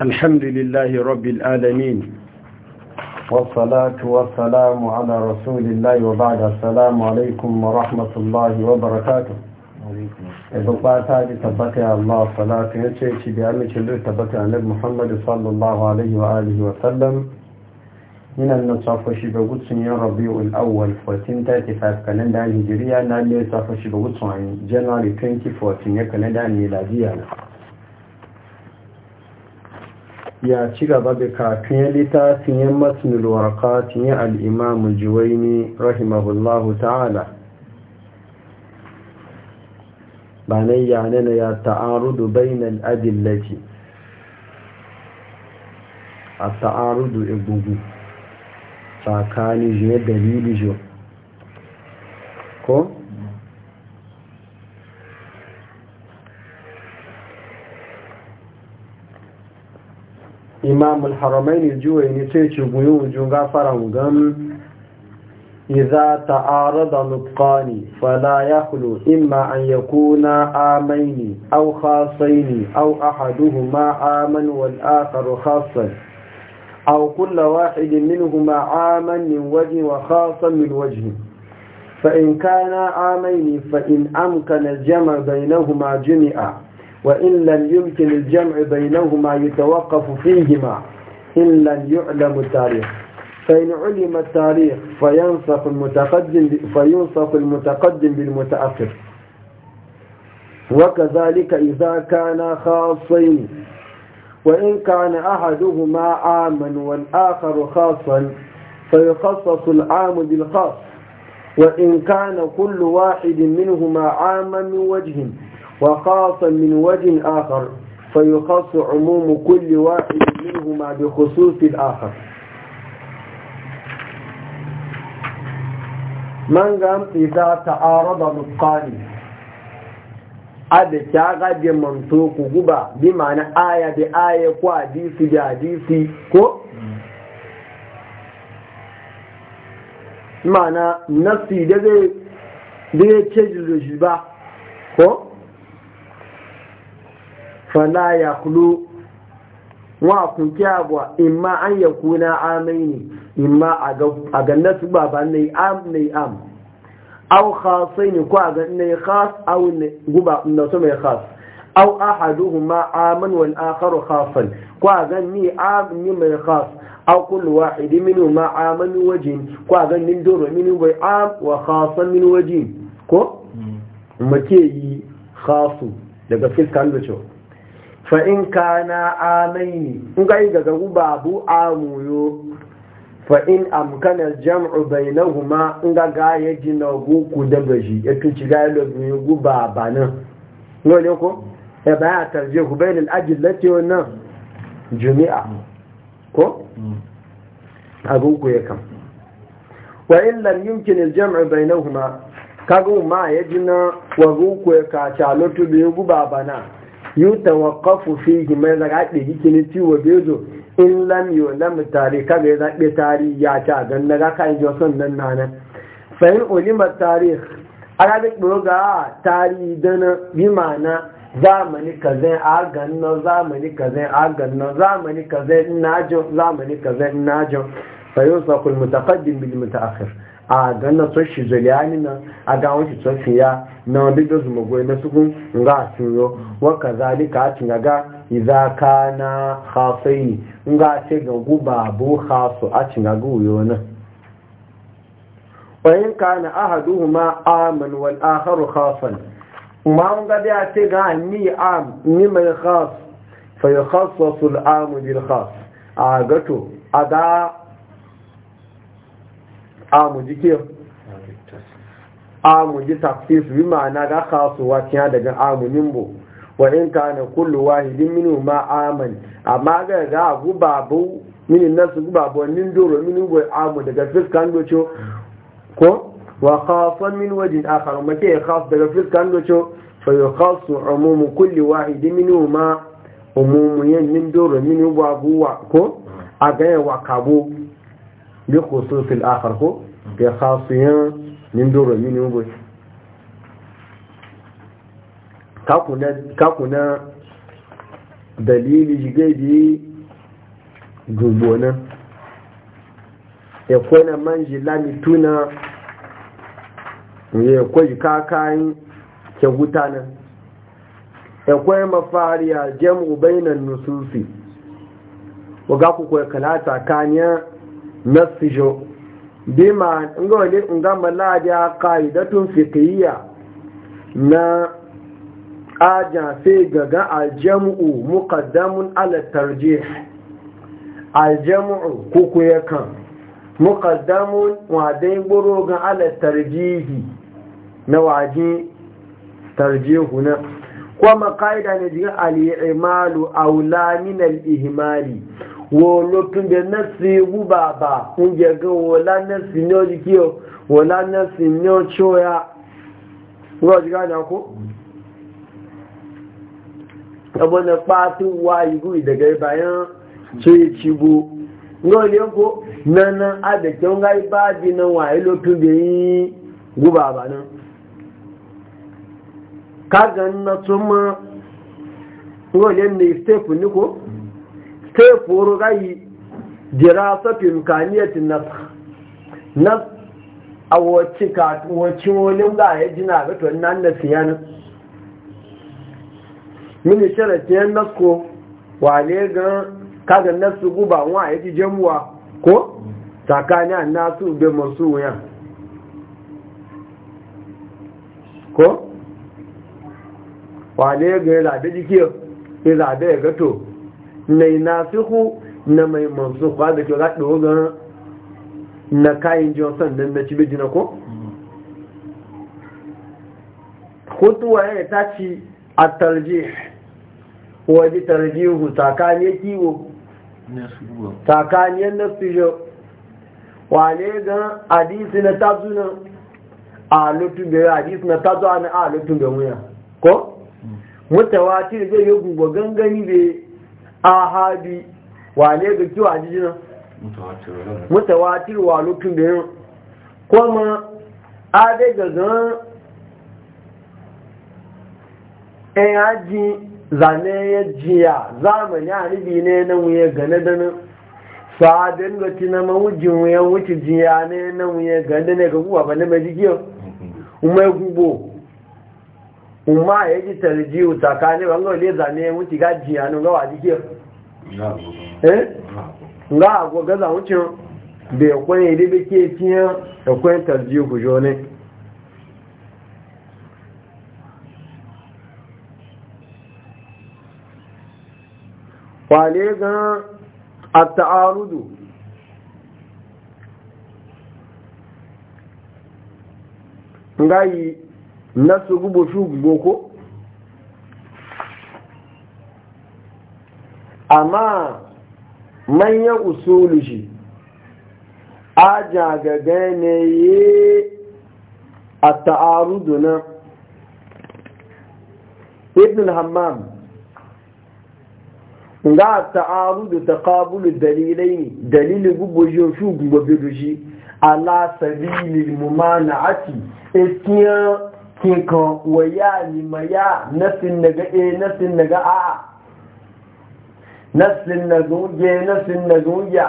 الحمد لله رب العالمين والصلاة والسلام على رسول الله وبعد السلام عليكم ورحمة الله وبركاته إذا تاجي تبقى الله صلاة يشيشي بأمي شلو تبقى عن محمد صلى الله عليه وآله وسلم من النصف شبه يا ربيع الأول 1435 كالندا هجريا نالي صف شبه عن جنوري 2014 كالندا ميلادية ya ci gaba da kafin ya littafin ya matsinul warqatin ya alimamu imam juwaini rahimahullahu ta'ala banai ya nana ya ta'arudu bainal adillati a ta'arudu egungu tsakanin jiya dalili jo ko imam al-haramain juwayni sai ce guyu wujun gafara gam idza ta'arada nutqani fala yakhlu imma an yakuna amaini aw khasaini aw ahaduhuma aman wal akharu khasan aw kullu wahidin minhuma aman min wajhi wa khasan min wajhi فإن كان عامين فإن أمكن الجمع بينهما جميعا وإن لم يمكن الجمع بينهما يتوقف فيهما إن لم يعلم التاريخ فإن علم التاريخ فينصف المتقدم فينصف المتقدم بالمتأخر وكذلك إذا كانا خاصين وإن كان أحدهما عاما والآخر خاصا فيخصص العام بالخاص وإن كان كل واحد منهما عاما من وجه وخاصا من وجه آخر فيخص عموم كل واحد منهما بخصوص الآخر من قام إذا تعارض نطقان ada ta gaje manto ku guba bi ma'ana aya da aya ko hadisi da hadisi ko ma'ana nafsi da zai da ba ko fala ya kulu wọn kunki abuwa in ma an yi amaini amai in ma a ganna su baba na am ne am au khasai ne ko a ganna yi khas au guba na su mai khas au a haduhu ma amin wal akharu khasan ko a gan ni am ni mai khas au kullu wahidi minu ma amin wajin ko a gan nin doro minu bai am wa khasan min wajin ko hmm. mace yi khasu daga fiskan da cewa fa'in ka na amaini in ga yi gaga babu amuyo fa'in amkanar jam'u bai na huma in ga gaya gina goku da gaji ya tuci gaya lobe guba ba nan yau ko ya baya tarje ku bai lil'ajin latiyo nan jumi'a ko agogo ya kan wa'in lam yumkin jam'u bai na huma kagun ma ya gina wa goku ya kaca lotu biyu guba ba na يتوقف فيه ما زغات دي كني تيو بيزو ان لم يلم تاريخا بي زاك بي تاريخ يا تا دن نغا كان جو سن نن نان فين علم التاريخ انا دك بروغا تاريخ دن بمعنى زمن كزن اغن زمن كزن اغن زمن كزن ناجو زمن كزن ناجو فيوصف المتقدم بالمتاخر a ganna so shi zuliyani na a ga wani so shi ya na wani da zuma goyi na suku nga a turo wa kazalika a cin ga idza kana khasaini nga ce ga guba bu khasu a cin ga goyo nan wayin kana ma amin wal aharu khasan ma ga da ce ga ni am ni mai khas fa yukhassasu wasu am bil a gato a ga a mu ji ke ji tafsir bi ma'ana ga wa tiya daga amunin bo wa in kana kullu wahidin minhu ma aman amma ga ga gubabu minin nasu gubabu nin doro minin go amu daga fiskan docho ko wa khafan min wajin akhar ma ke khaf daga fiskan docho fa yukhasu umum kulli wahidin minhu ma umum yan nin doro minin bo abuwa ko a ga wa kabo bi khususil akhar ko bi khasiyan min doro mini mu boy kakuna kakuna dalili jigedi gubona e e e ya kwana manji lami tuna ya kwaji kakayin ke gutanan ya kwaye mafariya jam'u bainan nususi waga ku kwaye kalata kaniya nasijo bima nga wale nga maladi a ka'idatun fiqhiyya na aja sai gaga aljam'u muqaddamun ala tarjih aljam'u kuku yakan muqaddamun wa dai buru ga ala tarjihi na waji tarjihu na kuma ka'ida ne jiga al-i'malu aula min al-ihmali wo lókun bẹ nẹ́sì wú bàbà oúnjẹ gan wo lá ní ọdí kí o wo lá ní ọjọ́ ya wọ́n ti káàdà kó ẹbọn nípa tí wá ìgú ìdẹ̀gẹ̀ ìbáyán tó yẹ ti bo ngọ́ ilé kó ń gáyé bá di wà á lókun bẹ yín wú bàbà náà kágan náà tó mọ́ ní sai rai jira dirasa imkaniyatin nas nas a wacce ka wacce wani ga ya jina ga to nan da siyan min sharatiyan nas ko wale ga kaga nas guba wa ya ji jamuwa ko tsakanin nasu be masu wuya ko wale ga ya zabe jikiyar ya zabe ya gato mai nasihu na mai mansu ba da kyau za ɗo gan na kayan johnson don na cibi jina ko? hutuwa ya ta ci a tarji waje hu takaniyar kiwo takaniyar nasijo wane gan hadisi na tazuna a lutun da hadisi na tazu a lutun da wuya ko? Mm. mutawatir zai yi gungo gangani bai ahadi wane ga kiwa jijina mutawatir wa lokacin da yin kuma adai ga zan ɗan haji zane ya jiya zamani a ribi ne na wuye gane da nan sa'adin da ti na mawujin wuye wuce jiya ne na wuye gane ne ga kuwa ba na mai jigiyar umar gubo umar ya ji tarjiyu tsakanin wani wale zane ya wuce ga jiya nun gawa jigiyar eh nga agwa gaza wucin da ya kwanye ribe ke fiye da kwanye tarjiyu ku ne kwale gan a ta'arudu ngayi nasu gubo shu gubo ko amma manyan usulu shi a jagaga ne yi a ta'arudu na ibn hammam ga ta'arudu ta kabulu dalilai ne dalilin gubojin su gubobi rushi ala sabilin na ati iskiyar kinkan waya ni maya nasin nasin daga a naslin na gunge naslin na gungiya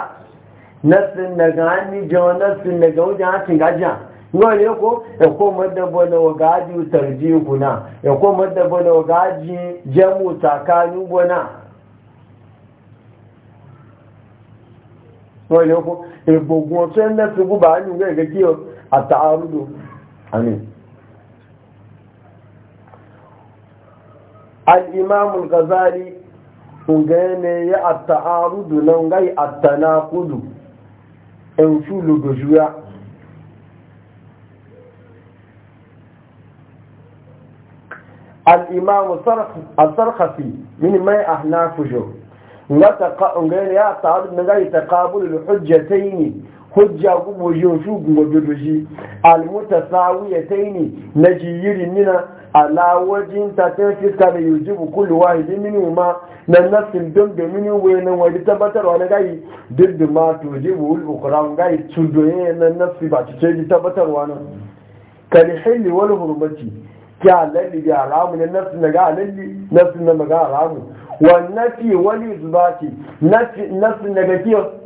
naslin na gani jawa naslin na gungiya hancin gajiya ngo ne ko ya ko madaba na wagaji tarji guna ya ko madaba na wagaji jamu tsakanin guna ngo ne ko e gogun to na su guba ni ga gaji ataarudu amin al-imam al-ghazali ngane ya ataarudu na ngai at-tanaqudu en fulu do juya al-imam al-sarqafi min mai ahnafu jo ngata ngene ya at na ngai taqabul al hujja kuma yau su gungo dodo shi almuta sawiya ta ne na jiyirin nina ala wajen ta ta fiska da yujibu kullu yi minu ma na nafsin don domin wai nan wani tabbatarwa na gayi duk da ma to jibu ulbu kuran gayi tun doye na nafsi ba ci ce tabbatarwa nan kalihilli wani hurmaci ki halalli da alamu ne nafsi na ga halalli nafsi na ga haramu wannan fi wani zubati nafsi na ga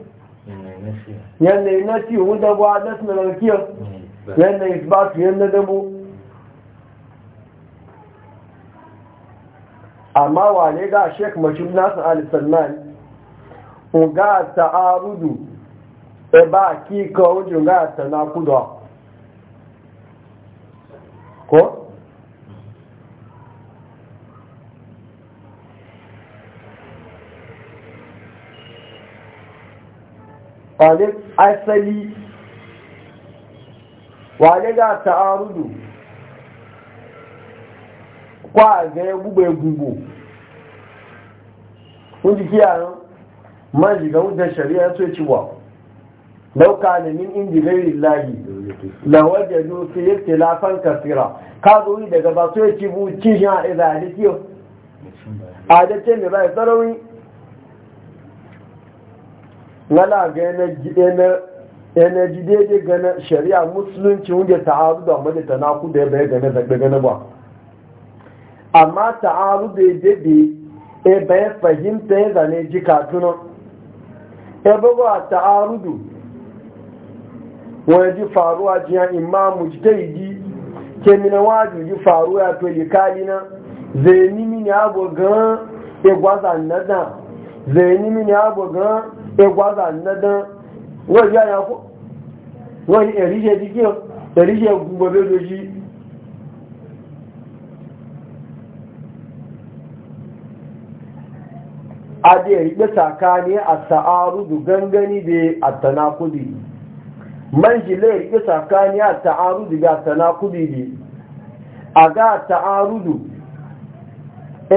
yadda yi na ci hun dabo a dasu na raukiyar hmm, yadda yi ba su yadda dabo amma wane ga sheik mashim nasu alisannan ga ta'arudu e ba kika wajen ga ta nakuda ko? wale asali wale ga ta'arudu kwa ga egugbo egugbo kun ji kiyayen maji ga wujen shari'a so ci wa lauka ne min inji gairi lahi la wajen yusu yake lafan kasira ka zo daga ba so ci bu ci shi a kiyo a da ce mai bai tsarauni wala ga yana jide daidai gana shari'a musulunci wunde ta'aru da wani ta naku da ya bai gane zagbe gane ba amma ta'aru e da ya e daidai ya bai fahimta ya e zane ji katuna e bugu a ta'aru du wani ji faruwa jiyan imamu ji ta yi ke mina waju ji faruwa to yi na zai nimi ne abu gan egwaza nadan zai yi ni abu gan egwaza nadan wọ́n yí ya kó wọ́n yí ẹ̀ríṣẹ́ ti kíọ̀ ẹ̀ríṣẹ́ gbogbo bẹ́ lójí adé ẹ̀rí pé sàká ní àtàárùdù gangani bẹ àtànákúdì mẹ́jìlẹ̀ ẹ̀rí pé sàká ní àtàárùdù bẹ àtànákúdì a ga àtàárùdù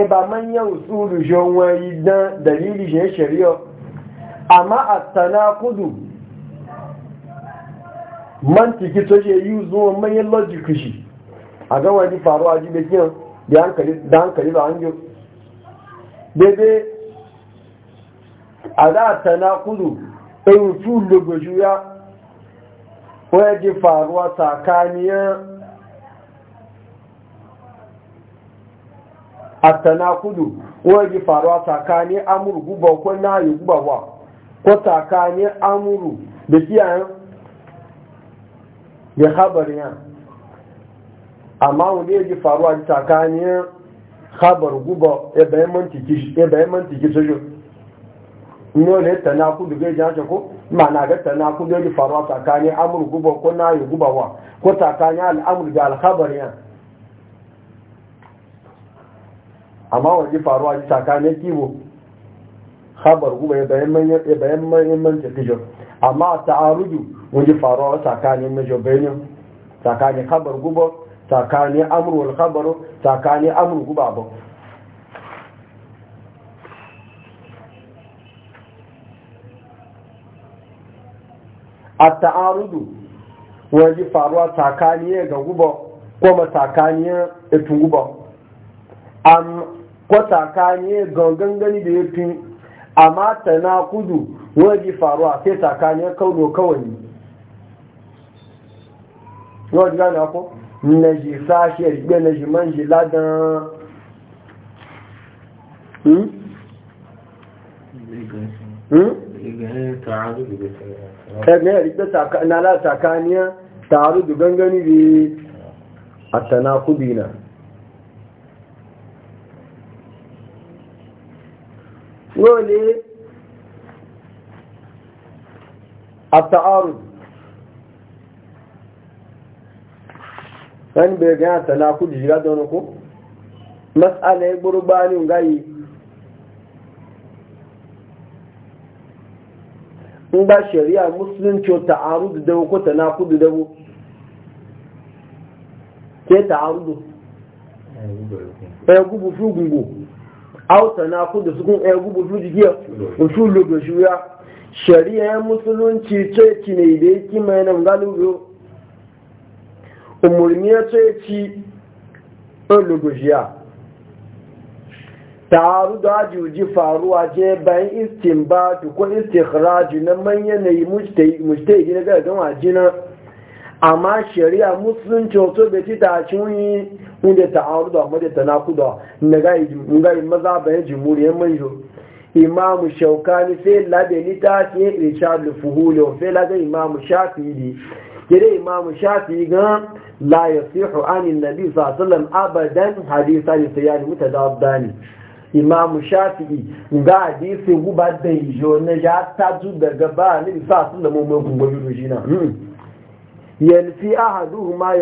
e ba manyan usulu wani dan dalili shi shari'a amma a tanakudu mantiki to je yi zuwa manyan logic shi a ga wani faruwa ji da kiyan da hankali da hankali ba hanjo bebe a za tanakudu e usulu gojuya wani faruwa tsakaniyar kudu waje faruwa tsakanin amuru guba ko nayi guba ba ko tsakanin amuru da kiyayen ya khabarin ya amma wani ya ji faruwa tsakanin habar guba ya bayan mantiki sojo nole ya kudu gai jace ko na ga tanakudu ya ji faruwa tsakanin amuru guba ko nayi guba ba ko tsakanin al'amuru da alkhabarin ya amma waje faruwa ji tsakanin kibo khabar kuma ya bayan mahimmancin fijo amma ta'arudu waje faruwa tsakanin majo bayanin tsakanin khabar guba tsakanin amurwar khabaru tsakanin amur guba ba a ta'arudu waje faruwa tsakanin ga guba kuma tsakanin etun guba an kwata kanye gangan gani da ya fi amma mata na kudu wani faruwa sai tsakani kauno kawai yawon gane ako na ji sashi a jibe na ji man ladan hmm? hmm? Eh, taru da gangani da a na wole التعارض wani bai gana talaku da shiga da wani ko matsala ya gburu bayanin gayi in ta'arudu da ko talaku da ke ta'arudu ya gubu fi auta na kudu sukun ɗaya gubu su jiya usul lobe shuya shari'a musulunci ceci ne da yake mai nan galubu umarni ya ce ci ɗan da taru da ajiyoji faruwa je bayan istin ba istin istikhraju na manyan na yi mujtai na gargawa jina amma shari'a musulunci wato bai ci ta ci wuni wanda ta auru da amma da ta naku da ngai maza e bayan jimuriyar manjo imam shaukani sai labe littafi ya irshad fuhuli sai labe imam shafi'i kire imam shafi'i ga la yasihu an annabi sallallahu alaihi wasallam abadan hadithan sayyan mutadaddani imam shafi'i ga hadisi guba da ijo na ya tazu daga ba ni sallallahu alaihi wasallam mun gungo yanfi ahaduhuma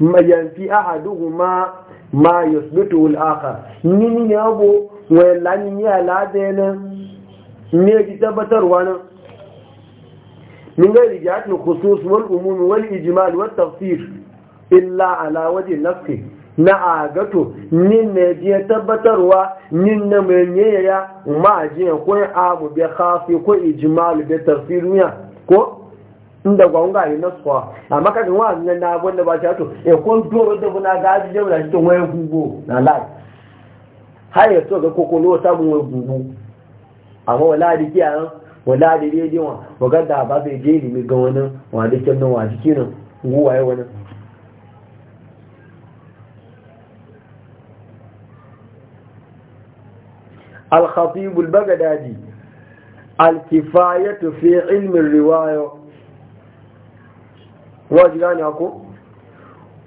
ma yanfi ahaduhuma ma yusbitu al-akhar nini ne abu lan ni ya lade ne ne ki tabbatarwa nan min ga rijat no khusus wal umum wal ijmal wat tafsir illa ala wajhi nafsi na agato nin ne ji tabbatarwa nin na mai ya ma ji ko abu bi khafi ko ijmal bi tafsir ko inda ne yi nasuwa amma kakan wa nan na wanda ba ta e ya kwanto da buna ga aji jami'a shi tun waye gugu na lai har ya to ga kokolo ta mun waye gugu amma wala da kiyaye wala da rediyon wa ga da ba zai je ilimi ga wani wa da kyan nan wa jiki nan guwaye wani الخطيب البغدادي الكفاية في علم الرواية wajen ko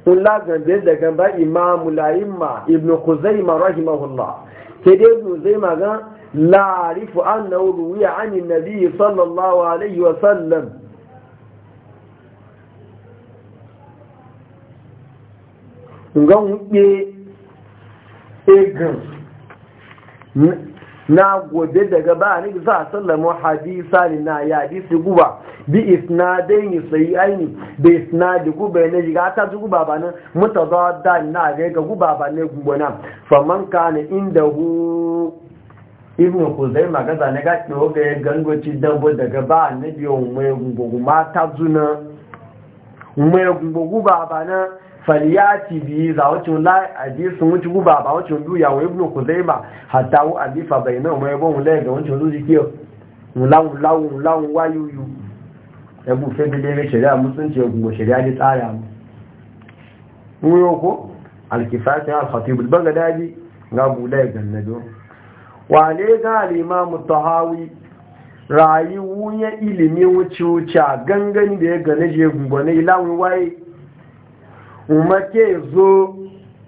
kula gambe da gamba imamu la'imma ibn khuzaima rahimahullah ke ibn khuzaima ga la'arifu annahu ruwiya ani nabi sallallahu alaihi wa sallam egan na gobe daga ba za a sallama hadisa ne na ya hadisi guba bi isnadai ne sai aini da isnadi guba ne jiga ta ji guba ba nan za a mutazadda na ga ga guba ba ne gumbona faman kana inda hu ibn kuzai magaza ne ga oga ya gangoci dambo daga ba annabi mai gungugu ma zuna mai gungugu ba ba nan falyati bi za a la wuce guba ba wacin duya wa ibnu kuzaima hatta wu alifa bayna wa yabo mu ga wacin zuci kiyo mulawu lawu mulawu wayuyu ya bu fe bile ne shari'a musulunci ya gumo shari'a ne tsaya mu mu yoko alkifati al ga bu ga nado wa ne ga tahawi wuce wuce gangan da ya gane je ilawun waye ke zo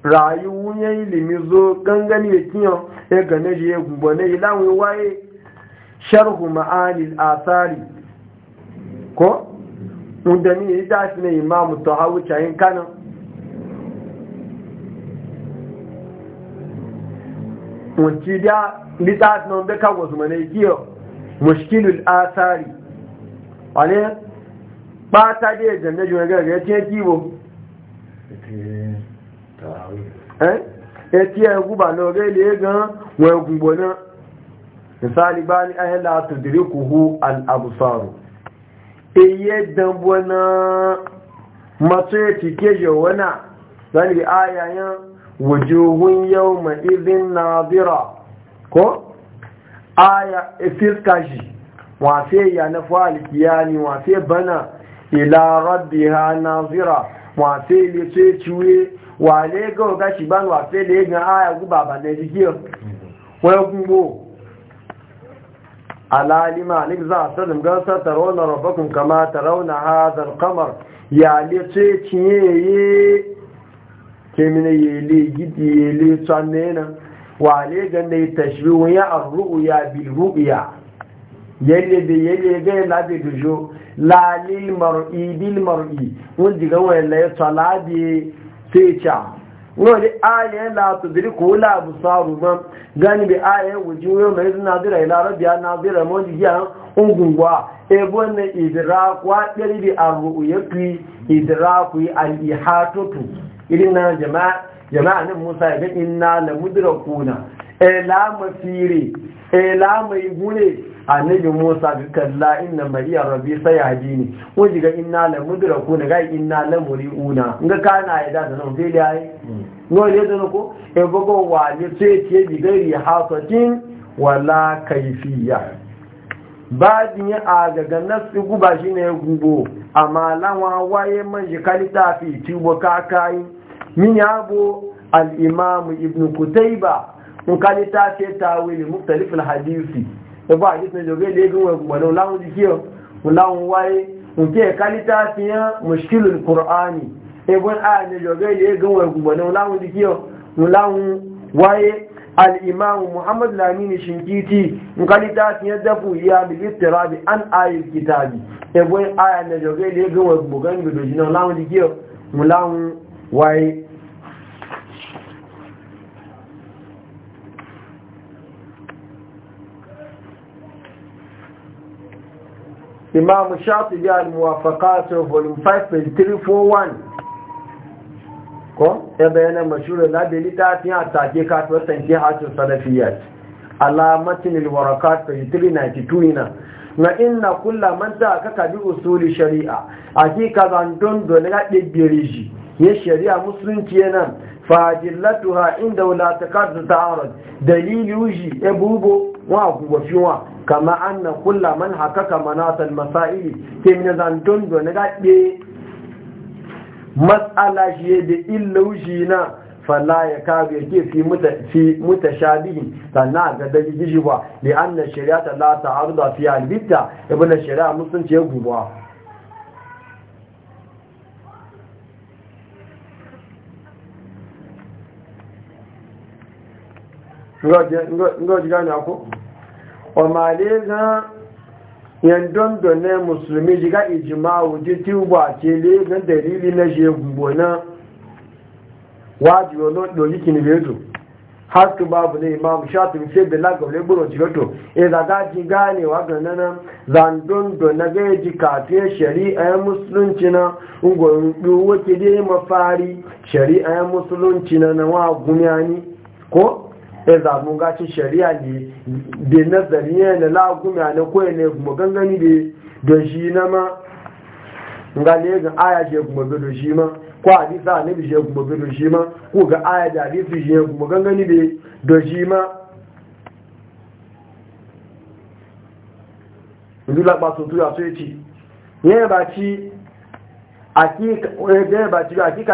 rayuwar ilimi zo gangani ya kiyo ya gane shi ya gubane na ilawai waye sharhu ma'ani al'asari ko? inda ni yi dashi na imamu ta hau cayin kanan wanci da litas na nan kawo wasu mana kiyo mushkilul asari wane ba ta da ya gane shi ya gane ya ce kiwo ẹtí ẹgbùbà náà rẹ̀lẹ̀ gan wọn ẹgbùgbọ̀ náà ìsáàlì bá ní ahẹ́lá tùdìrí kò hú èyí e ẹ̀dànbọ̀ náà masu kéjọ wọ́nà zanibi ayayen wujuhun yau ma izin nazira ko aya e bana nazira wafe ile so ya wa e wale ga oga shi ban wafe da ya aya guba ba na jikiyar wani gungbo alalima alik za a salim gan sa tarauna rabakun kama tarauna hazar kamar ya le so ya ciye ye kemina ya le gidi ya le tsanne na wale gan da ya tashbi wani ya arru'u ya bilru'u ya yelle be yelle be la be dujo la lil mar'i bil mar'i won diga wala salabi techa wani aye la ko la absaru ma gani be aya wujuhu e na nadira ila rabbiya la mon diga ungungwa ebo ne idraku wa dari bi arru'yati idraku al ihatatu irin na jama'a jama'a ne Musa ga inna la mudrakuna ila e masiri la mai gure annabi Musa ga kalla inna ma iya rabbi sai hadini ko diga inna la mudraku na ga inna la muriuna ga kana ya da nan sai hmm. da yi no ne da ko e bogo wa ni sai ce diga ri hasatin wala kayfiya ba din a daga nasu guba shine ya gubo amma lawa waye man ji kalita fi tubo kakai min yabo al-imam ibn kutayba mun kalita ce tawili muktalif al-hadisi ẹgbọ́ àjíṣẹ́ ìjọba ilé-ẹgbẹ̀rún ẹgbẹ̀rún láwọn jí kí láwọn wáyé nke kálítà fi hàn mùsùlùm kùránì ẹgbọ́n àjíṣẹ́ ìjọba ilé-ẹgbẹ̀rún ẹgbẹ̀rún láwọn jí kí láwọn wáyé al'imamu muhammad lamini shinkiti nkálítà um fi hàn dafu iya bilistira bi an ayil kitabi ẹgbọ́n àjíṣẹ́ ìjọba ilé-ẹgbẹ̀rún ẹgbẹ̀rún láwọn jí kí láwọn wáyé imam shafi al-muwafaqat volume 5 page 341 ko ya bayyana mashhur labili ta fi atake ka to tanke hatu salafiyat alamatin al-warakat page 392 ina na inna kulla man ta ka kabi usuli shari'a hakika zan don dole ga dibbiri shi ya shari'a musulunci yana fajillatuha inda wala takadu ta'arud dalili ya ebubo wa kuwa fiwa kama anna kulla man haka manat al masail ke min zan dondo na gabe shi je da illa uji na fala ya kabe yake fi muta fi sannan sanna ga dalili ba li anna shari'ata la ta'aruda fi al bidda na shari'a musun ya gubawa ngoji gani ako o male na yan dondo ne musulmi jiga ijma'u ti ti wa ce le gan dalili na je gbo na waji o lo do yi kini bezo har tu babu ne imam shafi sai da laga le gboro jigoto e da ga ji gane wa gan nan zan dondo na ga ji ka te shari'a musulunci na ungo du wote dai mafari shari'a ya musulunci na na wa gumiani ko ya zamu gaci shari'a ne da nazari ne da lagumi a na koya ne kuma gangani da da shi na ma ga ne ga aya ce kuma bi shi ma ko hadisa annabi ce kuma bi da shi ma ko ga aya da hadisi ce kuma gangani da da shi ma Ndula ba tuntun ya so ya e ci, yẹn ba ci, a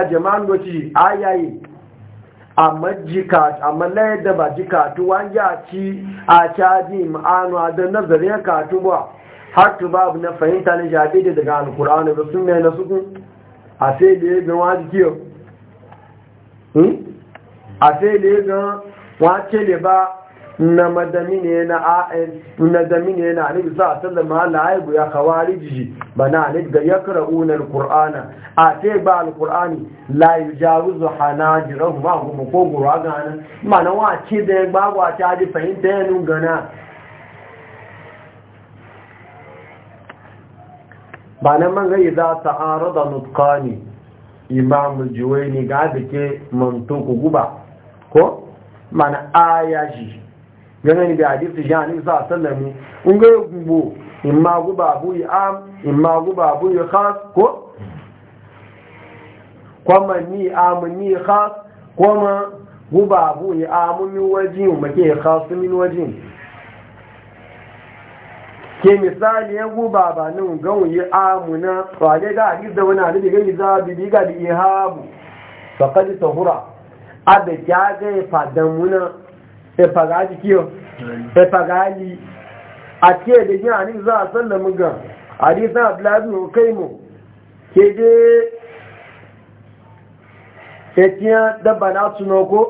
jẹ máa ń ayayi amma jika amma layar da ba jikatu wani ya ci a caji ma'anu a don nazarin katu ba har tu babu na fahimta na jabe da daga alkur'ani da sun mai nasu sukun a sai da ya wa jiki kiyo a sai da ya wa ce da ba na madamine na a'in na ne na alif za a eh, sallama la'aibu ya kawari jiji ba na alif ga ya kara'unar ƙur'ana a te ba al-ƙur'ani layu jaru zu hana jiran ma kuma ko gura gana ma na wace da ya gbagwa ta ji fahimta ya gana ba na man zai za ta aro da nutkani imamul juwaini ga abike ke guba ko mana aya shi ganin da hadisi jani sa sallami in ga gubo in ma guba abu yi am in ma guba abu yi khas ko kuma ni am ni khas kuma guba abu yi amun waji wajin ke khas min waji ke misali ya guba ba nan gawun yi amuna tsage ga hadisi da wani hadisi za bi bi ga da ihabu faqad tahura a da kya ga ya ẹ̀fàgá ti kí muga ẹ̀fàgá yìí àti ẹ̀dẹ̀ ní àríwá sọ́lọ̀mùgà àríwá àbúláàbùn òkèèmù kéde ẹ̀tíyàn dábà náà túnà ọkọ́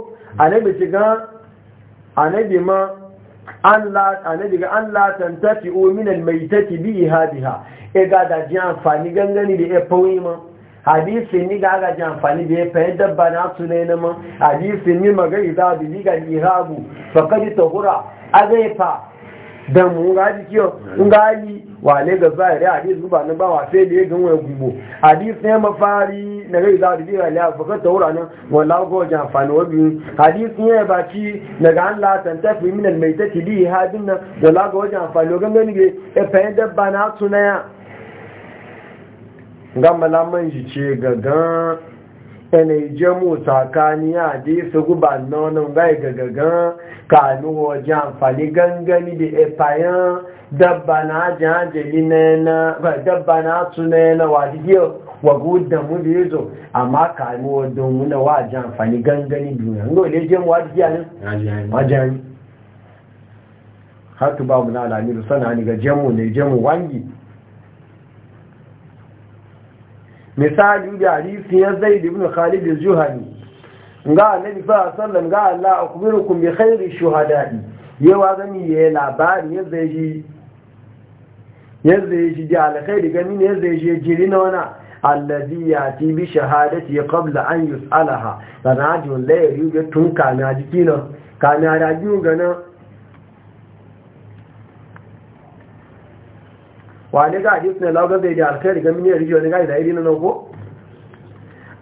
anẹ́bẹ̀tì gan anẹ́bẹ̀ ma an látàntà tafi ominan mai tẹ́tì bí ìhádìí ha ẹgádàjí amfani gangani da ẹ̀fọ́wé ma hadisi ni ga ga amfani da ya fayi dabba na su ne na hadisi ni magari za a ni ga e fa kadi tahura azaifa zai da mu ga ji kiyo in ga yi wale ga zahiri hadisi ba na ba wa sai da ya wa wani gubo hadisi ne mafari na gari za a bili ga fa kadi tahura ne wala ga wajen amfani wa biyu hadisi ne ba ki na ga an latan tafi min al maitati li hadin nan wala ga wajen amfani ga gangani ga ya e fayi dabba na su na ya gama laman shi ce gagan yanayi jemu tsakani a dai su guba nonon gai gagagan kanu wajen amfani gangani da efayen dabba na jajali na yana dabba na tuna yana wadiye wagu da mu da yazo amma kanu wadon muna wajen amfani gangani duniya ngo ne jemu wadiye ne wajen haka ba mu na alamiru sana ni ga jemu ne jemu wangi misali da hadisi ya zai da ibn khalid zuhani ga annabi sallallahu alaihi ga Allah akubirukum bi khairi shuhada'i yawa zami ya labari ya zai ji ya zai ji da alkhairi gani ne ya zai ji jiri na wana ya yati bi shahadati qabla an yus'alaha dan ajin la yuri tun kana jikina kana rajiu gana wani ga hadis ne da zai ji alkhairi ga miniyar rijiyo ne ga da iri nan ko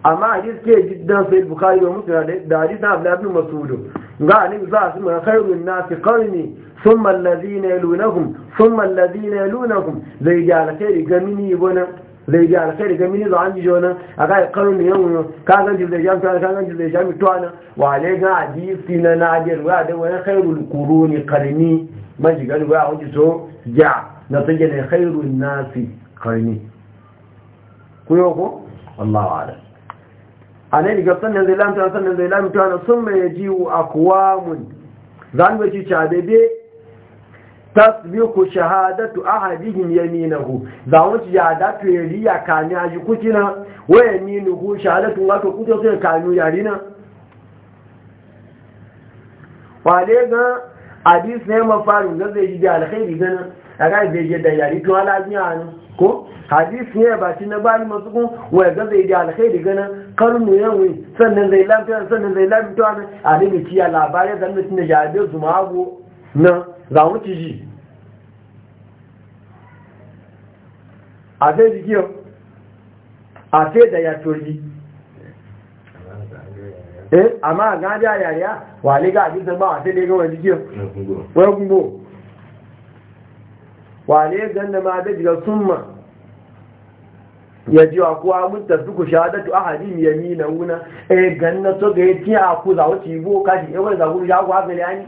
amma hadis ke jiddan sai bukari da musulun da hadis na abu labin hudu ga alim za a su mai na fi karni sun mallazi na luna kun sun mallazi na kun zai da alkhairi ga mini gona zai ji alkhairi ga mini zuwa jijo nan a ga karni yawon yau ka ji zai jami tuwa ka ganci zai jami tuwa na wane ga hadis na nadiyar wa da wani khairul kuruni karni majigar wa a wajen so ya na sun gane khairun nasi karni ku yau ko Allah wa ala a ne daga sannan zai lamta sannan da lamta na sun mai jiwu a kuwamun zan gaci cadebe tasbiku shahadatu ahadihim yaminahu za mu ci ya da ya kani aji kucina nina hu shahadatu wato kuto sai kani yarina wale ga hadis ne faru da zai yi da alkhairi gana a ga zai yi da yari to alajiya ne ko hadis ne ba shi na bani masu kun wai ga zai da alkhairi gana karnu ya wai sannan zai lafiya sannan zai lafiya ne a ne ci ya labarai da mutum da jabe su go na za mu ci ji a sai jikiyo a sai da ya turji eh amma a gaji a yariya wale ga abin ba a sai dai gawa jikiyar wani gungo wale ganda ma da jiga summa ya ji wa kuwa mutta suku shahadatu ahadin yamina wuna eh ganna to ga yati a ku za wuce bo kashi eh wani za ku ja ku haka ne ani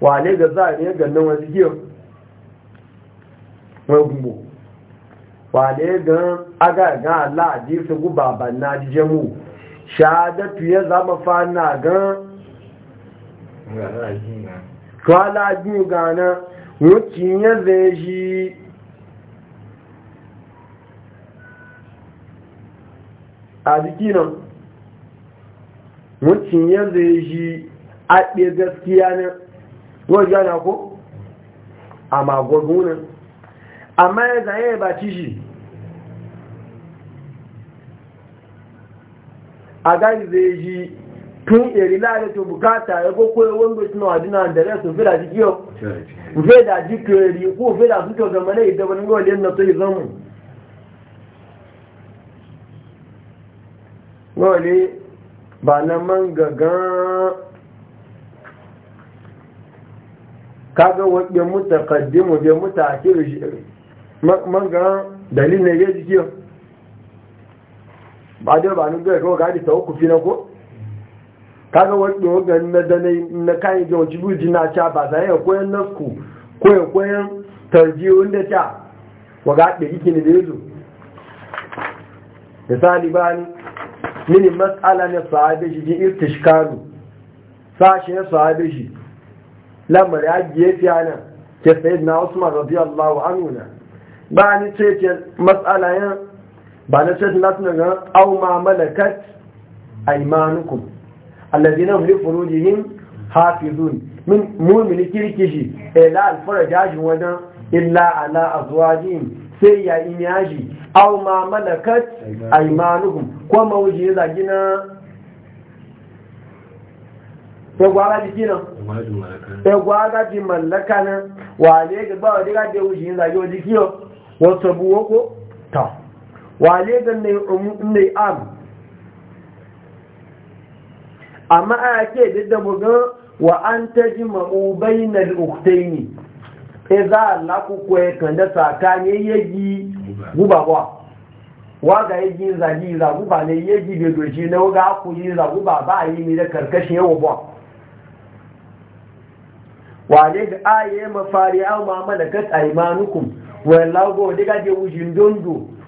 wale ga za ne ganna wani jikiyar wani gungo wale gan aga gan Allah hadisi gu baban na ji jamu shahadatu ya zama fana gan kwala ji gana wucin ya zai shi a jiki nan wucin ya zai shi a ɗe gaskiya ne wajen ko a magogunan amma ya zaye ba ci shi a gani zai ji tun eri láàrin tó bukata ẹgbó kó ewé ń gbé sínú àdínà àndẹ̀rẹ́ tó fẹ́dà jí kíọ́ fẹ́dà jí kíọ́ eri kó fẹ́dà tó tọ̀ gẹ̀mọ́ lẹ́yìn ìjọba nígbà olè nà tó ìzọ́mù náà lè bà na man gàgán kaga wọ́n pẹ̀ mú takaddimu bẹ̀ man gàgán dalilin ya ji yau. ba da ba ni gaya kawai gadi sau kufi na ko kaga wani wagan na danai na kayan jiwon buji na cha ba zai ya koyan nasku koyon koyon tarji tarjiyoyin da wa waga da iki ne da yazo Sani ba ni mini matsala na sahabe shi jin irtishkaru sashi na sahabe shi lamar ya gefe nan ke sayid na usman radiyallahu anhu na ba ni ce ke matsala yan ba na sai na ga au ma malakat aymanukum alladhina hum li furujihim hafizun min mu'mini kirkishi ila e, alfarajajin wajen illa ala azwajihim sai ya yi yaji aw ma malakat aymanukum ko mawuji zagi na egwara jiki nan egwara ji mallaka Wa wale ga ba wa dira da wuji zagi wa jiki yo wasu buwoko ta wale da ne am amma a ke didda buga wa an ta ji ma'ubai na uktaini e za a lakuku ya kanda tsakani yegi gubawa waga yaji zagi guba ne yaji da doshi na waga aku za zaguba ba a yi ne da karkashin yawa ba wale ga aye mafari an ma malakat aimanukum wallahu go diga je wujin dondo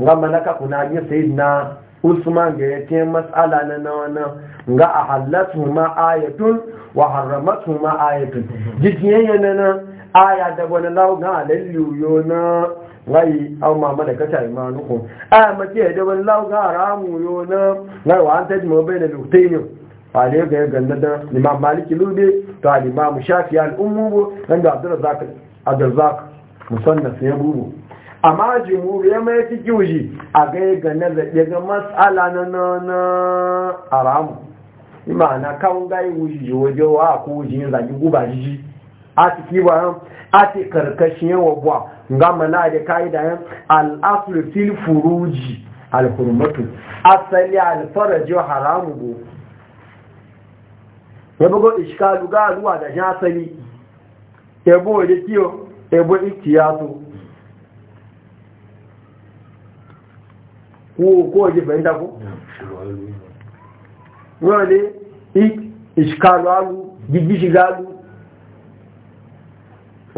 Nga malaka kuna yi sayyidina usman ga yake mas'ala na na wannan nga a halatu ma ayatun wa haramatu ma ayatun jikiyen yana na aya da wani lawo ga halalliyo na wai aw ma mana kata a ma ke da wani lawo ga haramu yo na rai wa an ta jima bai da luktainiyo fale ga ganda da imam maliki lube to al imam shafi al ummu ga abdurrazzaq abdurrazzaq musannaf ya bubu amma jimuriya mai fi kiwuji a gaya ga nazaɗe ga matsala na na na aramu imana kawun gaya wuji waje wa ko wuji yin zagi guba jiji a ciki bayan a ce karkashi yawa buwa ga mana da kayi da yan al'asulu fil furuji alhurmatu asali alfaraji haramu go ya bugo ishkalu ga ruwa da jan asali ebo da kiyo ebo ikiyato ko waje fahimta ko wani alu gigi shigalu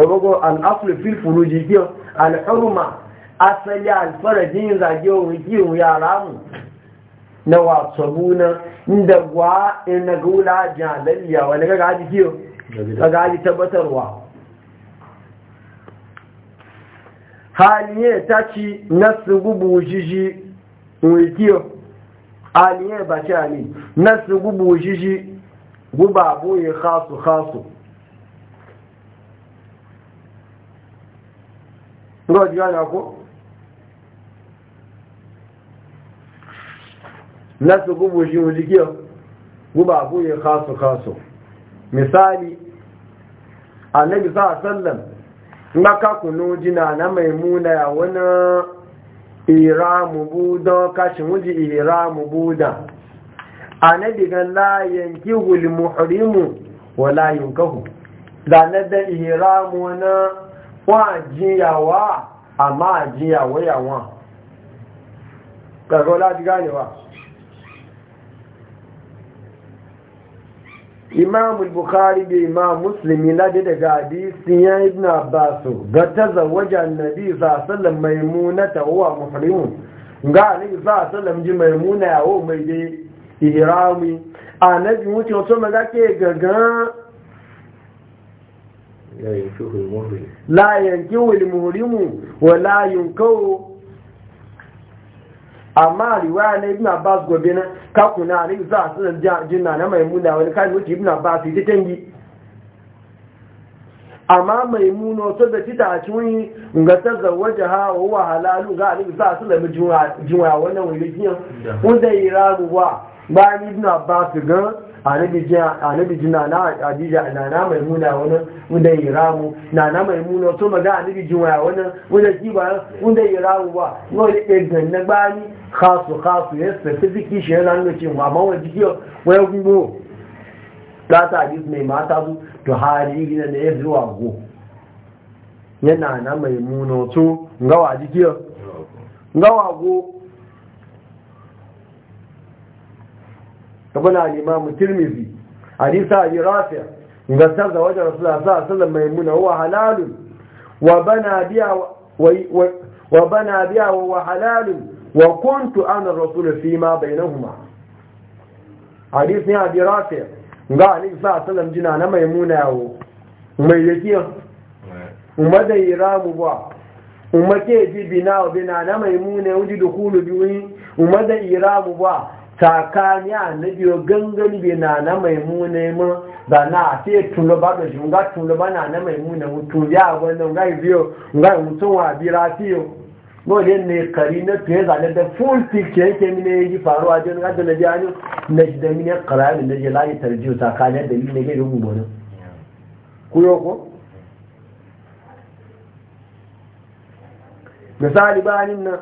ọgbogbo al'afle fil furuji kiyo al'urma asali alfarajin zage ohun kiyon yara mu na wasabu na inda gwa ina gula jalaliya wani tabbatarwa hali ta ci nasu gubu jiji wọ́n kí ọ aliyar na su gubu ṣíṣí guba aboye khasu khasu rọ̀dí yana ko? na su gubu shi wọ́n guba khasu khasu misali annabi sa makakunu jina na maimuna ya wani iramu budan kashin wuji iramu budan a na digan layan kihul muhrimu wa layin kahu zanen da iramu na wajiyawa amma ajiyawa yawa ƙarfi láti ganewa imam bukhari da imam muslim na da daga hadisin ya ibn abbas ga tazawwaja annabi sallallahu maimunata huwa muhrimun ga ne sallallahu ji maimuna yawo mai dai a annabi wuce wato maga ke gaga la yanki al-muhrimu wa la yunkahu amma riwaya na ibn abbas gobe na kakuna ne za a sanar jina na maimuna wani kan wuce ibn abbas ita tangi amma maimuna wato da fita a wani ga ta zawaja ha wa wa halalu ga ne za a sanar jinwa wannan wani kiyan wanda yi raruwa bayan ibn abbas gan anabi ji na na adija na na maimuna wani wanda yi ramu na na maimuna wato maga anabi ji waya wani wanda ki ba wanda yi ramu ba wani ɗaya ganna gbani kasu kasu ya specific shi ya zanen ce ma ma wani jikiyo wani gungo ta ta hadis mai mata su to hali gina da ya zuwa go yana na maimuna wato ngawa jikiyo ngawa go kamar al'imamu tirmizi a abi rafiya gasar da wajen rasulullah sallallahu alaihi wasallam maimuna wa halalun wa bana biya wa bana biya wa halalun wa kuntu ana da fi ma bai bainahuma hadis ne abi rafiya ga a nisa a sallar jina na maimuna yawo mai yake umada ramu ba ke ji na wa bina na maimuna wuji dukulu biyu da iramu ba tsakani annabi yo gangan be na na maimuna ma ba na sai tulo ba da junga tulo ba na na maimuna mutu ya wannan nga biyo ga mutun wa biratiyo no le ne kari na tuye zane da full picture yake mine yi faruwa jin ga da nabi anyo na shi da mine qara'in da je layi tarjiyo tsakani da mine ne rubu bono kuyo ko misali ba nan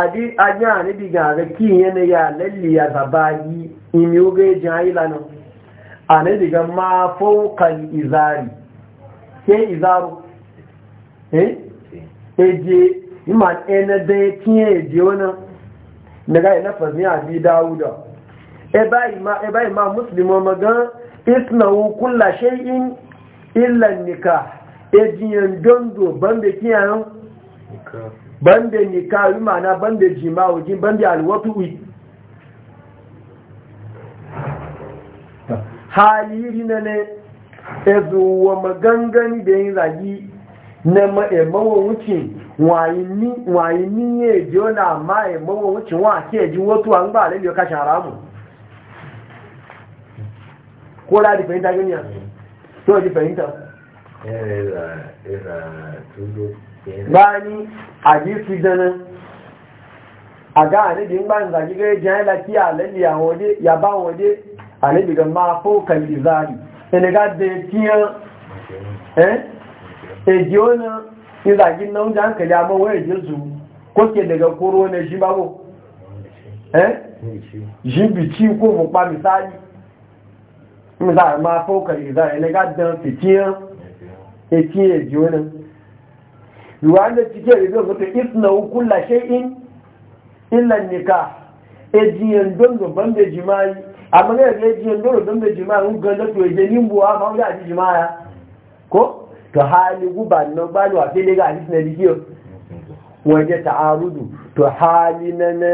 adi aja ne diga ga kiye ne ya lalli ya zabagi in yo ga jahila no ane diga ma fawqal izari ke izaru eh eje ima ene de kiye eje ona daga ina fazni abi dauda e bai ma e bai ma muslimo maga isnahu kullu shay'in illa nikah ejiyan dondo bambe kiyan nikah banda nikahi ma'ana banda jima'u jin banda alwatu'i haliri na ne ezuwa magangani da yin zagi na ma'aimawa wucin wayi niye ji wani amma wucin wa ke ji wato an ba alayyar kashe haramu ko da di fahimta ganiya to di fahimta bani a gifi danin a ga anibin ban zagi ga jiyan lafiya lalliya waje ya ba waje anibi ga mafo kalizari ina ga da kiyan eh eji wani izagin na wujen hankali amma waya jinsu koke daga koro na shi babu eh shi bici ko bukwa misali misali mafo kalizari ina ga da fitiyan ya kiyaye ji wani ruwan da cike da zai fito isna kulla shay'in illa nika ejiyan don gaban da jima'i amma ne da ejiyan don don da jima'i mun ganda to je nimbuwa ma da ji jima'i ko to hali guban nan ba lo afele ga hadis na dikiyo waje ta'arudu to hali na na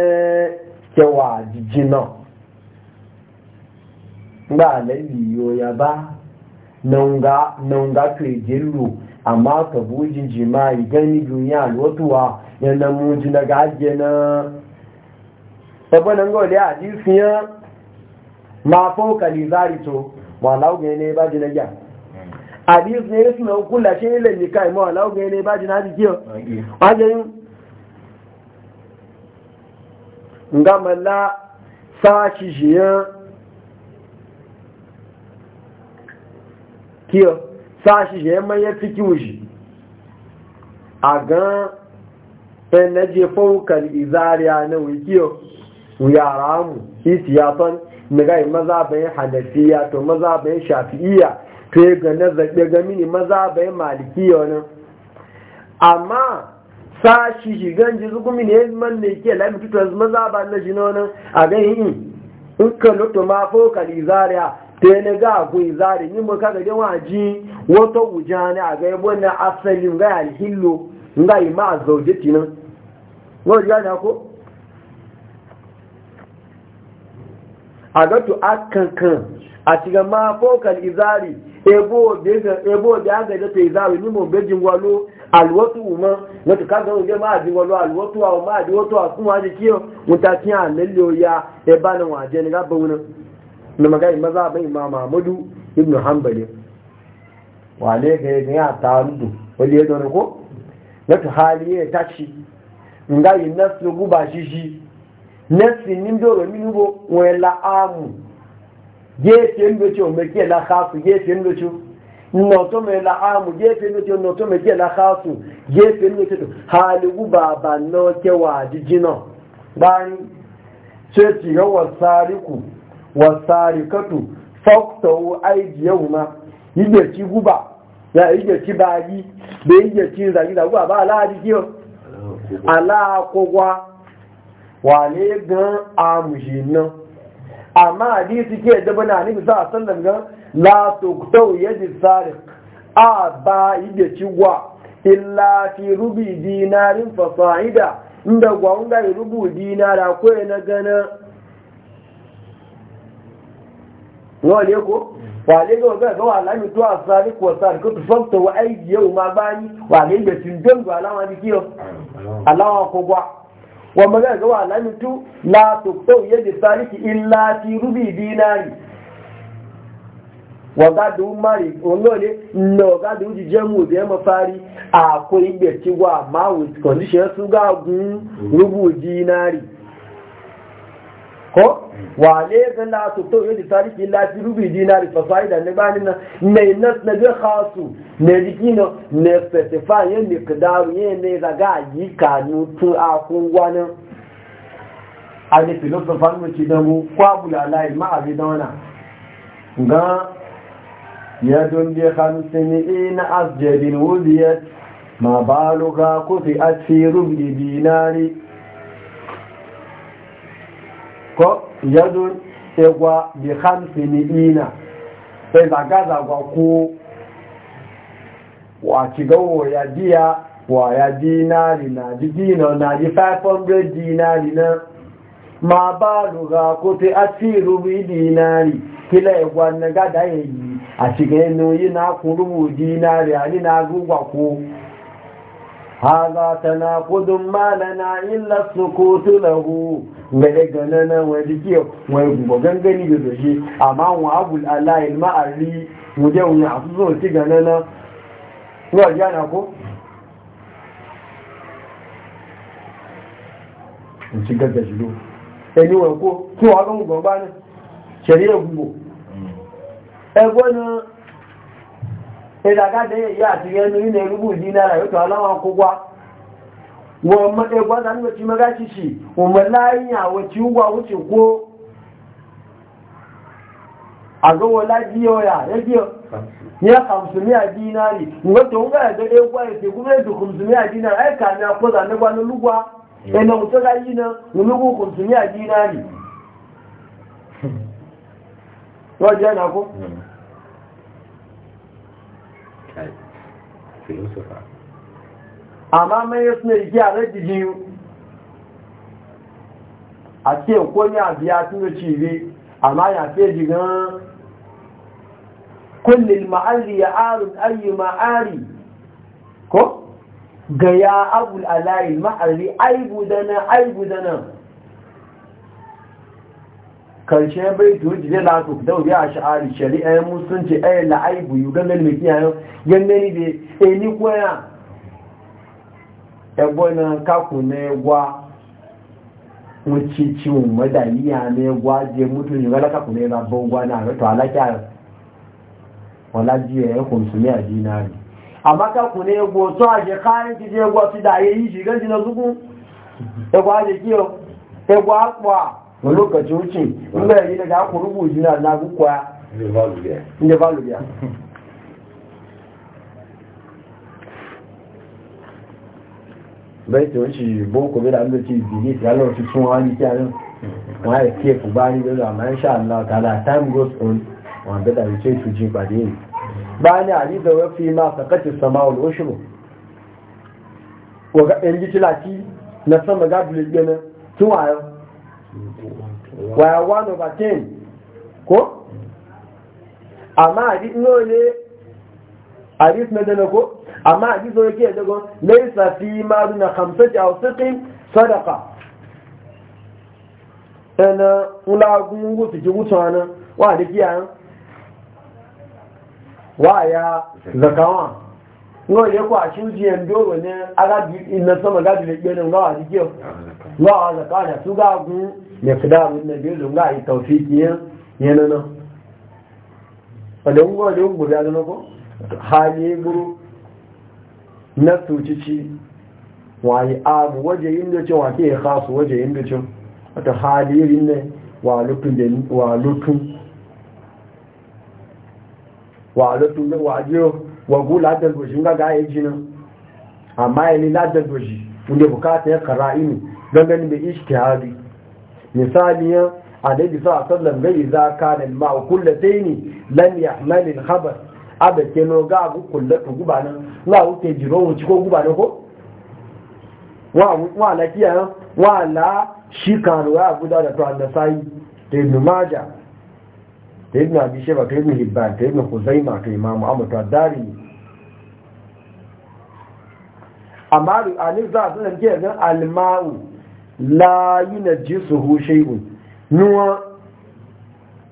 kewa jijina ba lalliyo ya ba nonga nonga tuejelu amma ka bujin jima'i gani duniya lotuwa yana muji na gaje na sabon nan gole a jisiya ma fauka lizari to ma lauge ne ba na ya a jisi ne suna kula shi ilin nikai ma lauge ne ba jina jikiyo wajen nga malla sa shi jiyan kiyo sashi je manyan fiki wuji a gan ɗan na je faukar izariya na wikiyo yara mu isi ya son nigai mazabayin hanafiya to mazabayin shafi'iya to ya ga nazaɓe ga mini mazabayin malikiya wani amma sashi gan ji zuku mini ya man ne ke lami maza mazaban na shi na wani a gan yi in ka lutu ma faukar izariya tene ga ku izari ni mo kaga de waji woto wujani aga yebo na asali nga alhillo nga ima zawjati nan ngo ya da ko aga to akankan a tiga ma fokal izari ebo de ga ebo de aga de to izari ni mo be jingwalo alwatu uma na to kaga nge ma jingwalo alwatu aw ma di woto akun wa de kiyo mutakin alelo ya eba na waje ni ga bawuna na magana maza bai ma Muhammadu ibn Hanbali wane ga ya ya tarudu wani ya zaune ko na ta hali ya tashi nga yi nasu guba shishi. shi nasu nim doro min bo wani la'amu gefe ndo ce o meke la khasu gefe ndo ce noto me la amu gefe ndo ce noto me ke la khasu gefe ndo ce hali guba ba no ke wa jijino bani ce ti ga wasariku wasarikatu faktawo aijiyahuma yigbeci guba ya yigbeci bayi da yigbeci zagida guba ba alhaji kiyo alakogwa wale gan amushi nan amma hadisi ke daba na nufi sa sallam gan la tuktau yadi sarik a ba yigbeci gwa illa fi rubi dinarin fasa'ida inda gwa wunga rubu dinara ko na gana wọ́n lé kó wà lé kó bẹ́ẹ̀ kó wà láyé tó àsáré kó sáré kó tó fọ́tò wá ẹ̀yí yẹ́ òun máa bá yín wà tí ń dóńgbò aláwọn adìkí ọ aláwọn akọgbà wọ́n mọ̀ wà láyé tó láàtò tó yé de sáré kí ilá ti rúbì dínárì wọ́n bá dùn márì ko wa le ga la su to yi tariki la rubi dinari fasaida ne ba ni na ne nas na bi khasu ne dikino ne fetifa ye ne kadaru ye ne daga yi kanu tu a kun wani a ne filosofa mu ci da mu kwabula lai ma abi da wana ga ya don bi khamsini na asjadin wudiyat ma baluga kufi at fi rubi dinari ko yadun egwa bi hamsi ina sai zaga zagwa ko wa ci ya diya wa ya dinari na di dino na ji 500 dinari na ma ba lura ko te a bi dinari kila egwa na gada yayi a cikin nuyi na kurubu dinari a ni na gugwa ko haza tana kudin malana illa su kotu lahu ga daga nan wani ke wani gugogon gani da doshi amma wa abul alayin ma'arri muje wani a na jana ko? in ci gaga kó kí wọ́n gbọ́n bá ní ṣẹ̀rí ẹgbùgbò ẹgbọ́n náà ìdàkádé ìyá àti ẹnu ya rúgbù ní nára yóò tó aláwọn kókwá wọ́n mọ́ ẹgbọ́ sánúwẹ̀ tí mẹ́gá ṣíṣì òmọ̀ láyín àwọn tí ó wà ó ti kó àgọ́wọ́lá jí ọ̀yà rẹ́gbíọ̀ ní àkàmùsùnmí àdínárì ya tó ń gbẹ̀rẹ̀ tó ẹgbọ́ ìsìnkú mẹ́jọ kùmùsùnmí àdínárì ẹ̀kà na filosofa amma mai yasu ne yake a rajiji a ce kone a biya tun da cibi amma ya ce jigan kullum ma'ari ya arun ayi ma'ari ko ga ya abu alayi ma'ari aibu da nan aibu da nan karshe bai tuwo jide na su da wuya a sha'ari shari'a musulunci ayyar la'aibu yi ganin mai kiyayen gangani da eni kwaya ẹgbọ́ na kakù na ẹgwa wucici madaliya na je mutu yi wala kakù na ẹgwa bọ́gwa na rẹ̀tọ̀ alákíà wọlá jí ẹ̀ kùn sí ní na ẹgbọ́ tó àṣẹ káàrin ti jẹ́ ẹgwa ti dà ayé yìí ṣìgẹ́ jìnà wani lokaci wuce in bai yi daga aku rubu jina na gukwa inda balu biya bai ta wuce boko bai da amurci biyu ta yanar su sun wani kyanin ma ya ke ku bani da zama ya sha Allah ta la time goes on wanda da wuce su ji ba da yi ba ni a da wafi ma sakacin sama wani ushiru wa ga ɗan ji tilaki na sama ga bulik ganin tun wayo wà one over ten kó àmá àdís ní na àdís ko kó àmá àdís ko, kí ẹ̀dọ́gbọ́n lẹ́yìn na máa dúnà kàmsẹ́tì àwọ̀sẹ́kín sọ́dọ̀kà ẹ̀nà ńlágún wùsìkí wùtọ̀ àná wà á dìkí àán wà á ya zakawa ní òye wa da kana su ga ku ne kada mun ne bi a yi tawfiki yana nan adan go da go da zama ko hali guru na tucici yi abu waje inda ce wa ke khasu waje da ce wata hali ne wa lutun wa lutun da wa jiyo wa gu ladar da ga ga yi jinan amma yi la da go shi bukata ya ini gangan da ishtihadi misaliyan alaihi sallam gai za kana ma kullataini lam yahmal al khabar abe keno ga gu kullatu gubanan la wuce jiro wuce ko gubanan ko wa wa la wa la shi kan guda da to annasai da ibn majah da ibn abi shayba da ibn hibban da ibn khuzaimah da imam ahmad da darimi amma alif za su nan ke ga alma'u la yi na ji su hu shai'un nuwa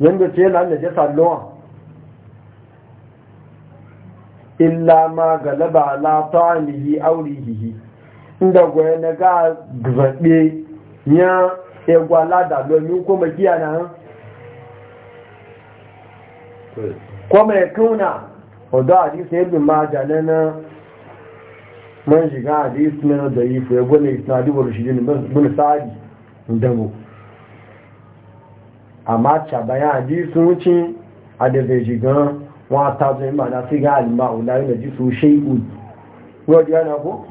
yadda ce la da ji sallowa illa ma galaba la ta'amihi aurihihi inda gwaye na ga zaɓe ya egwala da domin kuma giya na han kuma ya kuna wadda a jisa yadda ma janana man shiga hadis na da yi fiye gwane isnadi wa rashidin bin sa'adi dabo amma ca bayan hadisun wuce a da zai shiga wa ta zai ma na siga alima ulayi da ji su shaiku wadda yana ko?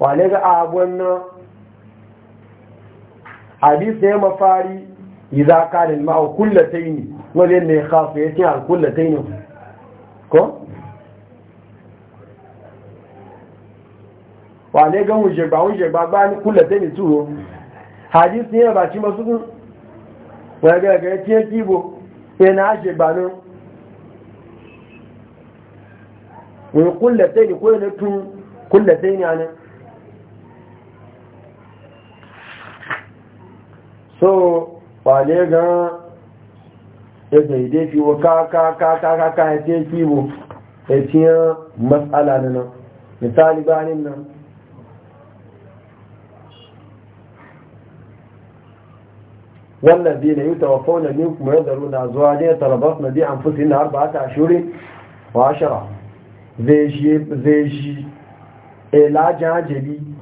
wane ga abuwan nan hadis da ya mafari iza kanin ma'a kullatai ne wajen ne ya kafa ya ce a kullatai ne ko? wà ní gan òjègbà ìṣẹ̀gbà bá ní kúlẹ̀ tẹ́lì tó rọ àdí sí ẹ̀bà tí mọ́ súnkún rẹ̀gẹ̀rẹ̀ tí é kíbo ẹ̀nà àṣẹ̀gbà náà ni ẹ̀ nínú bá nínú wannan bi ne yuta wa fauna ne kuma ya daru na zuwa ne ta rabar na bi an fusi na harba aka ashuri wa ashara zai shi zai shi elajen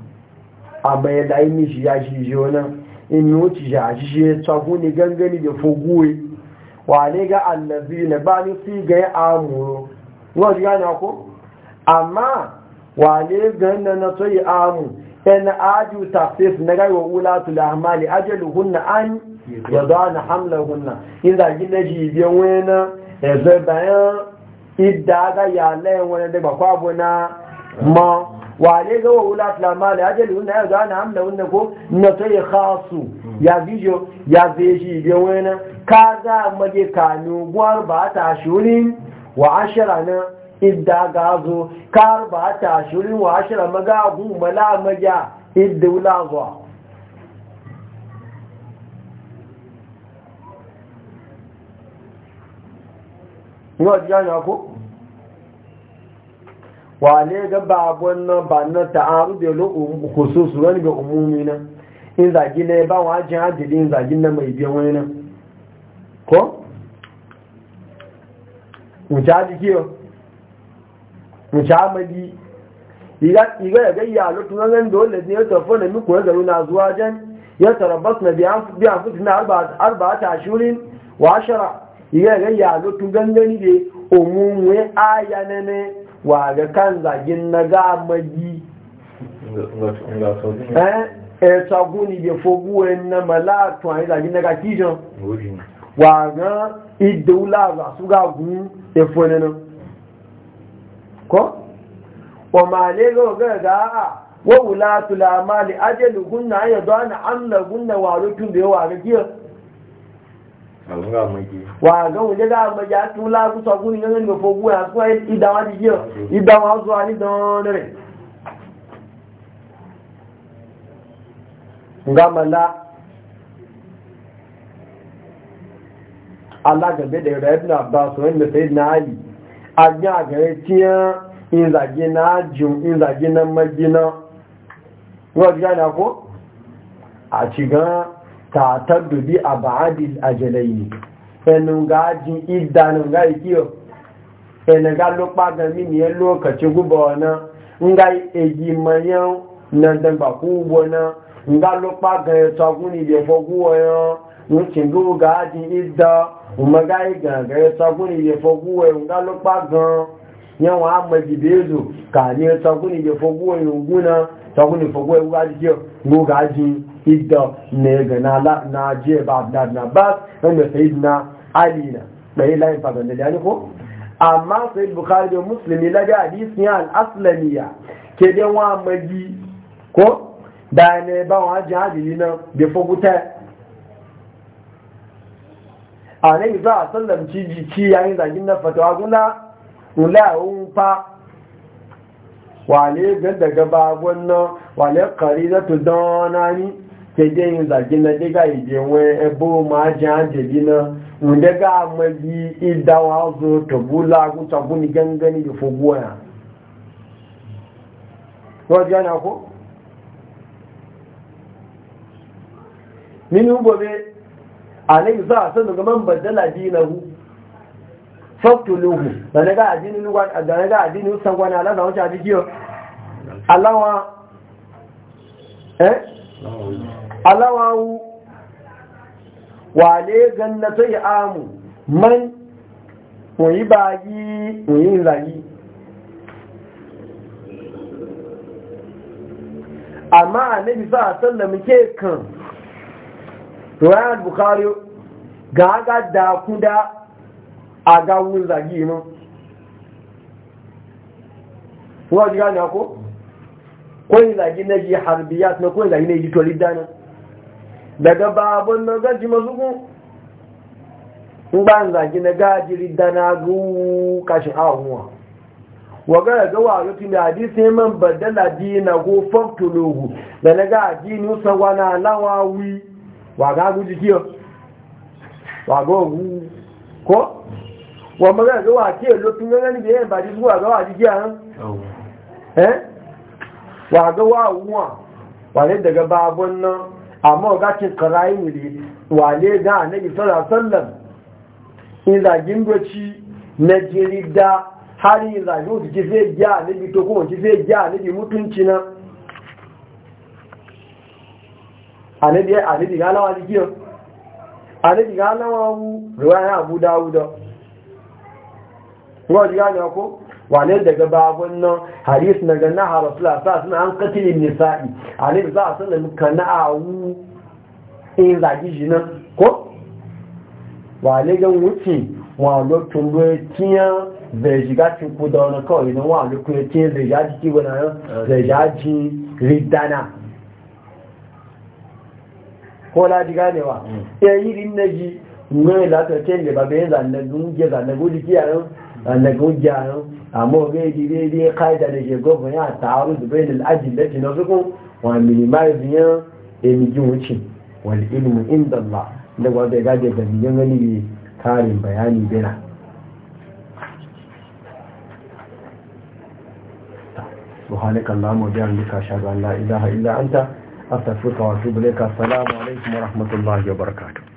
a mai laimi shi ya shi shi in yi wuce shi a shi shi ya tsaku ne gangani da fuguwe wa ne ga allazi ne ba ni fi ga ya amuro wa ji gane ku amma wa ne ga na na tsoyi amu yana ajiyu tafis na gaiwa wula tulahmali ajiyar hunna an ya na hamla hunna in zagi na jibiyan wani na zai bayan idda ya yalayen wani daga kwabo na ma ne ga wa wula flamala ya jeli hunna ya za na hamla hunna ko na ta yi khasu ya bijo ya zai jibiyan wani ka za mage kanu gwar ba ta shurin wa ashira na idda ga zo kar ba ta shurin wa ashira maga gun mala maga idda wula zuwa yau ji yana ko wale ga babon nan ba na ta'aru da yau um, hususu wani ga umumi nan in zagi na ba wa ajin adili in zagi na mai biyan wani nan ko? wuce adiki yau amadi iga dole ne ya tafi na miku zuwa jan ya tarabbas na biyan fusina arba ta ashirin wa yaga ya lutu gangani be umumwe aya nene wa ga kan zagin na ga maji eh e taguni be fogu en na mala to ai zagin na ga kijon wa ga idula za su ga gun e fonena ko o ma le go ga ga wa ulatul amali ajaluhunna ayadana amlahunna wa rukum bi wa ga kiyo wà gánwò jẹ́ gáà mẹ́jà tún láàkú sọ fún ìgbẹ́gbẹ́ ní òfò gúnra fún ìdáwọn àdíjẹ́ ìdáwọn àwọn àwọn àdídán rẹ̀ ngámàlá alágbẹ̀gbẹ̀dẹ̀ rẹ̀ ẹ̀bùn àbáṣọ́ ẹ̀mẹ̀fẹ́ náà yìí agbẹ́ àgẹ̀rẹ̀ tí ìzàgé náà jùn ìzàgé náà mẹ́gbẹ́ náà تعتد بأبعاد الأجلين ẹnu ga jí ìdánù ga ìkíọ̀ ẹnu ga ló pàdà mí ní ẹlú ọkàtí gúbọ̀ ọ̀nà ń ga na dẹgbà kú na nga ń ga ló pàdà ẹ̀tọ́ ya ní ìdẹ̀fọ́ gú ọ̀yán ń ti ń ga jí ìdá ọmọ ga ìgàn nga ga ló pàdà yẹn wọn á mọ ìdìbò èzò kà ní ẹ̀tọ́ ga idda ne ga na na je ba abdad na bas wanda sayyidina ali na bai layin fagan da yani ko amma sayyid bukhari da muslimi la ga hadisi ya al-aslamiya ke den wa maji ko da ne ba wa jihadi na bi foguta a ne za a sallam ciji ci yayin zagin na fatawa guna ula'un fa wale gan daga bagon wale kari na ni. kege yin zagi na diga ije nwe ebe ụmụ aja ajeli na wunde ga amagi idawa azụ tabula agụta guni gangani da fogbo ya wọ́n jẹ́ ọ̀nà kó nínú gbogbo alẹ́gbẹ̀sọ́ àtọ́nà gọmọ́ bàdálà dí na hù fọ́tùlùhù gbànẹ́gà àdínú sangwana aláwọ̀ àdíkíọ́ aláwọ̀ ẹ́ alawawu wale ganna sai amu man wani bagi wani zagi amma a nabi sa a sallam ke kan riwayat bukari ga aga da kuda a gawun zagi mun wa ji ga ko ko zagi na ji harbiyat na ko zagi na ji tolidana daga babun na gaji mazugun in ba n zagi na gajiri dana gu kashin ahuwa waga ya ga wayo tun da hadisi man badala dina ko faktologu da na gaji nusa wana lawawi waga gu jikiyo waga gu ko wa maga ga wa ke lotun ganin da yayin ba ji zuwa ga wa eh waga wa uwa Wane daga babun nan amma ga ce karayi wuri wale ga annabi sallallahu alaihi wasallam in zagin doci na jirida har yi, zagin wuce ki zai gya annabi to kuma ki zai gya annabi mutunci na annabi ya annabi ga lawa jikin annabi ga lawa wu ruwaya abu dawuda ko ji ga ne ko wane daga babun nan hadis na ga naha rasula sa suna an katilin nisa'i a ne za a sanar ka na'awu in zagi shi nan ko wane ga wuce wa lokacin tiya zai shiga cikin da wani kawai na wa lokacin zai ja jiki yau zai ja ji riddana ko laji ganewa yayi rin na ji ngai mm. eh, la ta ce ne ba bai zanen gunge zanen gudu kiyayen wanda gujayen amma redi redi kaida da ke gogon ya taru da bai lalaji da ke nazuku wa minimizin ya emiji wuce wal ilmu inda Allah da wanda ya gaje da biyan gani karin bayani bina سبحانك اللهم وبحمدك اشهد ان لا اله الا انت استغفرك واتوب اليك السلام عليكم ورحمه الله وبركاته